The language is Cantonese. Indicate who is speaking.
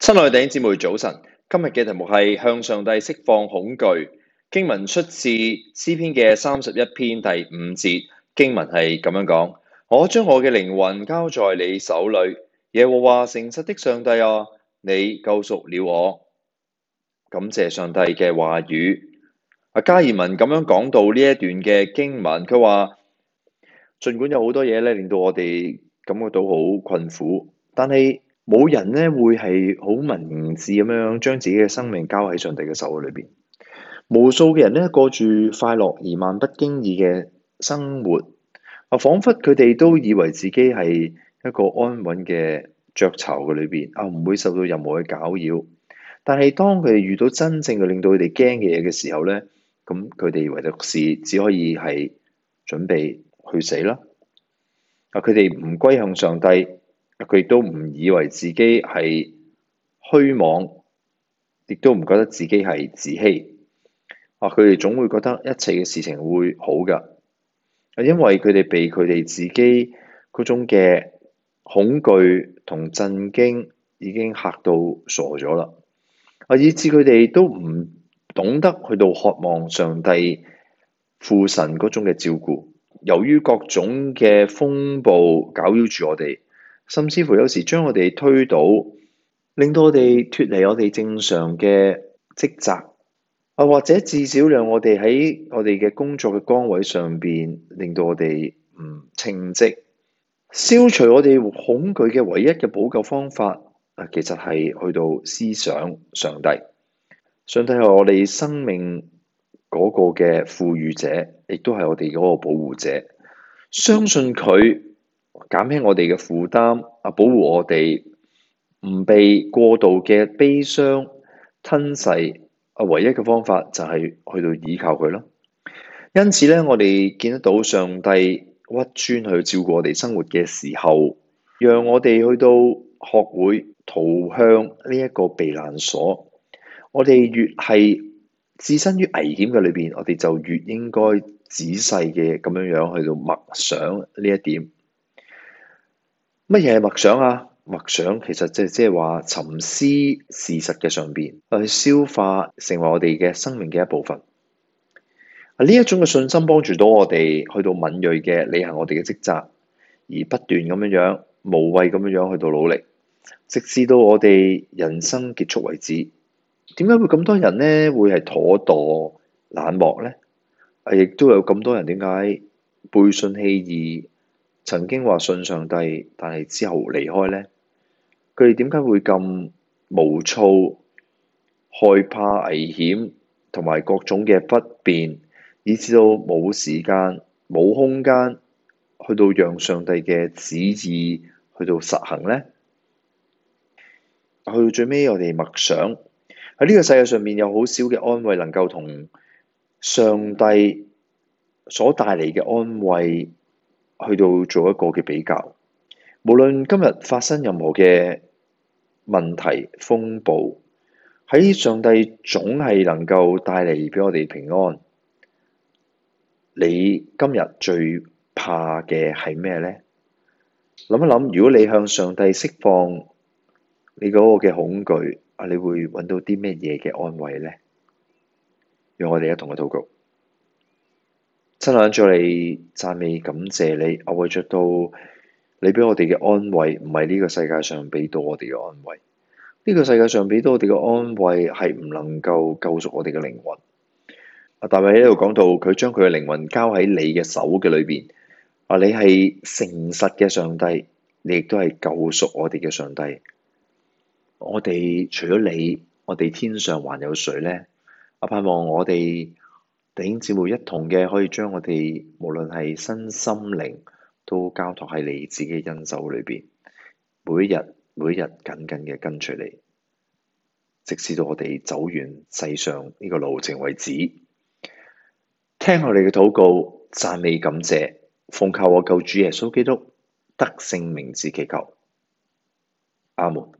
Speaker 1: 親愛弟兄姊妹早晨，今日嘅題目係向上帝釋放恐懼。經文出自詩篇嘅三十一篇第五節，經文係咁樣講：我將我嘅靈魂交在你手裏，耶和華誠實的上帝啊，你救贖了我。感謝上帝嘅話語。阿 加爾文咁樣講到呢一段嘅經文，佢話盡管有好多嘢咧，令到我哋感覺到好困苦，但係，冇人咧，會係好明智咁樣將自己嘅生命交喺上帝嘅手喺裏邊。無數嘅人咧，過住快樂而漫不經意嘅生活，啊，仿佛佢哋都以為自己係一個安穩嘅雀巢嘅裏邊，啊，唔會受到任何嘅攪擾。但係當佢哋遇到真正嘅令到佢哋驚嘅嘢嘅時候咧，咁佢哋唯獨是只可以係準備去死啦。啊，佢哋唔歸向上帝。佢亦都唔以為自己係虛妄，亦都唔覺得自己係自欺。啊！佢哋總會覺得一切嘅事情會好㗎，因為佢哋被佢哋自己嗰種嘅恐懼同震驚已經嚇到傻咗啦。啊！以至佢哋都唔懂得去到渴望上帝父神嗰種嘅照顧。由於各種嘅風暴攪擾住我哋。甚至乎有時將我哋推倒，令到我哋脫離我哋正常嘅職責，啊，或者至少讓我哋喺我哋嘅工作嘅崗位上邊，令到我哋唔稱職。消除我哋恐懼嘅唯一嘅補救方法，啊，其實係去到思想上帝。上帝係我哋生命嗰個嘅賦予者，亦都係我哋嗰個保護者。相信佢。減輕我哋嘅負擔，啊，保護我哋唔被過度嘅悲傷吞噬。啊，唯一嘅方法就係去到依靠佢咯。因此咧，我哋見得到上帝屈尊去照顧我哋生活嘅時候，讓我哋去到學會逃向呢一個避難所。我哋越係置身於危險嘅裏邊，我哋就越應該仔細嘅咁樣樣去到默想呢一點。乜嘢係默想啊？默想其實即係即係話沉思事實嘅上邊，去消化成為我哋嘅生命嘅一部分。啊，呢一種嘅信心幫助到我哋去到敏銳嘅履行我哋嘅職責，而不斷咁樣樣，無畏咁樣樣去到努力，直至到我哋人生結束為止。點解會咁多人呢？會係怠惰冷漠呢？啊，亦都有咁多人點解背信棄義？曾經話信上帝，但係之後離開呢，佢哋點解會咁毛躁、害怕危險，同埋各種嘅不便，以至到冇時間、冇空間去到讓上帝嘅旨意去到實行呢？去到最尾，我哋默想喺呢個世界上面，有好少嘅安慰能夠同上帝所帶嚟嘅安慰。去到做一個嘅比較，無論今日發生任何嘅問題風暴，喺上帝總係能夠帶嚟俾我哋平安。你今日最怕嘅係咩咧？諗一諗，如果你向上帝釋放你嗰個嘅恐懼，啊，你會揾到啲咩嘢嘅安慰咧？讓我哋一同去禱告。親近咗你，讚美感謝你，我會着到你俾我哋嘅安慰，唔係呢個世界上俾到我哋嘅安慰。呢個世界上俾到我哋嘅安慰係唔能夠救贖我哋嘅靈魂。啊，大衛喺度講到佢將佢嘅靈魂交喺你嘅手嘅裏邊。啊，你係誠實嘅上帝，你亦都係救贖我哋嘅上帝。我哋除咗你，我哋天上還有誰呢？阿，盼望我哋弟兄姊妹一同嘅，可以將我哋無論係身心靈都交託喺你自己恩手裏邊，每日每日緊緊嘅跟隨你直至到我哋走完世上呢個路程為止。聽我你嘅禱告，讚美感謝，奉靠我救主耶穌基督得勝名字祈求，阿門。